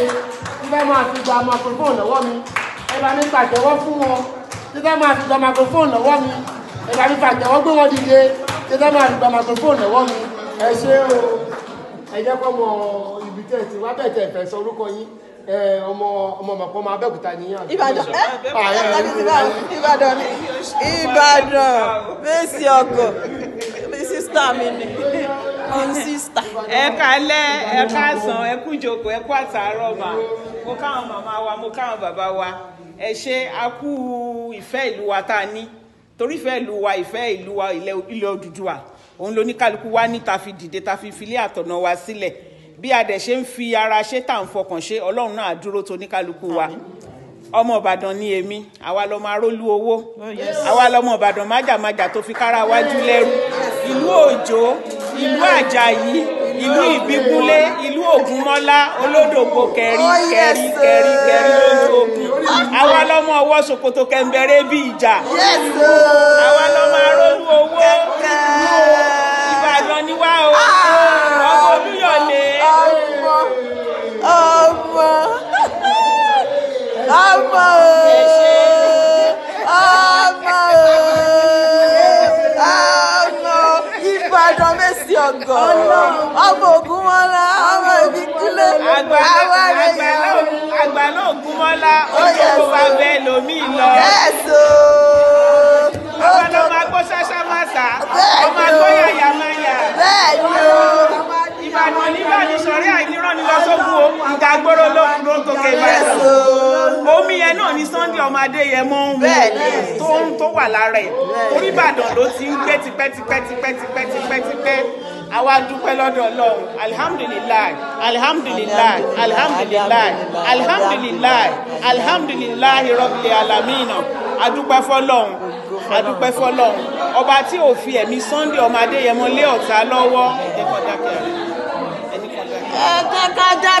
dìde ń fẹ́ máa fi gba microphone lọ́wọ́ mi ẹ bá mi pàtẹ́wọ́ fún wọn ń máa fi gba microphone lọ́wọ́ mi ẹ bá mi pàtẹ́wọ́ gbé wọn dìde ń máa fi gba microphone lọ́wọ́ mi ẹ ṣé o ẹ jẹ́ kọ́ mọ ibi tẹ̀ tí wá bẹ̀ fẹ́ sọ orúkọ yín ọmọ ọmọ ọmọ ọmọ abẹ́òkúta ni yàn. Ah, ìbàdàn ìbàdàn ìbàdàn mẹ́sì ọkọ̀ sísítà mi ni sísà. ẹ kálẹ́ ẹ káàsán ẹ kú jókòó ẹ kú àtàárọ̀ mà mo káwọn màmá wa mo káwọn bàbá wa ẹ ṣe a kú ìfẹ́ ìlú wa tá a ní torí ìfẹ́ ìlú wa ìfẹ́ ìlú wa ilẹ̀ Odùduwà òun ló ní kálukú wa ní ta fi dìde ta fi filé àtọ̀nà wa sílẹ̀ bí a dẹ̀ ṣe ń fi ara ṣe tá à ń fọkàn ṣe Ọlọ́run náà dúró tó ní kálukú wa ọmọ Ìbàdàn ni èmi àwa lọmọ arólu owó oh, àwa lọmọ Ìbàdàn májàmájà tó fi kára wájú lẹ́rú ìlú òjò ìlú àjàyí ìlú ìbíkúnlé ìlú ògúnmọ́lá olódògbò kẹrí oh, kẹrí kẹrí kẹrí lójú ogun àwa lọ́mọ ọwọ́ ṣòkòtò kẹ̀ǹbẹ̀rẹ̀ bíi ìjà àwa lọ́mọ arólu owó. ọ̀gọ̀ ọmọ ògùn mọ́lá ọmọ ibi kílẹ̀ àwa rẹ̀ yà oh, ó. àgbà náà ògùn mọ́lá ó yẹ kó bá oh. bẹ lòmíì lọ. yẹ́sọ̀ oh. ọmọ ló máa gbó ṣáṣá máa sà ọmọ àgbóyà yà máa yà. bẹ́ẹ̀ ni o. ìbàdàn nígbà ní sọ̀rí àìníran ni lọ́sọ́gun o ìgbà gbóró ló ń ló ń gòkè ìbàdàn. omi yẹn náà ni Sunday ọmọ Adéyẹmọ ń mu tó ń tó wà lára ẹ̀ orí Ìbàdàn ló ti ń gbé tipẹ́tipẹ́tipẹ́tipẹ́tipẹ́ àwa dúpẹ́ lọ́dọ̀ ọlọ́run alihamdulilayi alihamdulilayi alihamdulilayi alihamdulilayi alihamdulilayi rọ́bìlì alamina adúpẹ́ fọlọ́run adúpẹ́ fọlọ́run ọba tí ò fi ẹ̀mí sunday ọmọ adéyẹmọ lé ọ̀tá lọ́wọ́ ẹ̀jẹ̀ kọjá kẹrin ẹ̀jẹ̀ kọjá kẹrin. ẹ̀jẹ̀ kọjá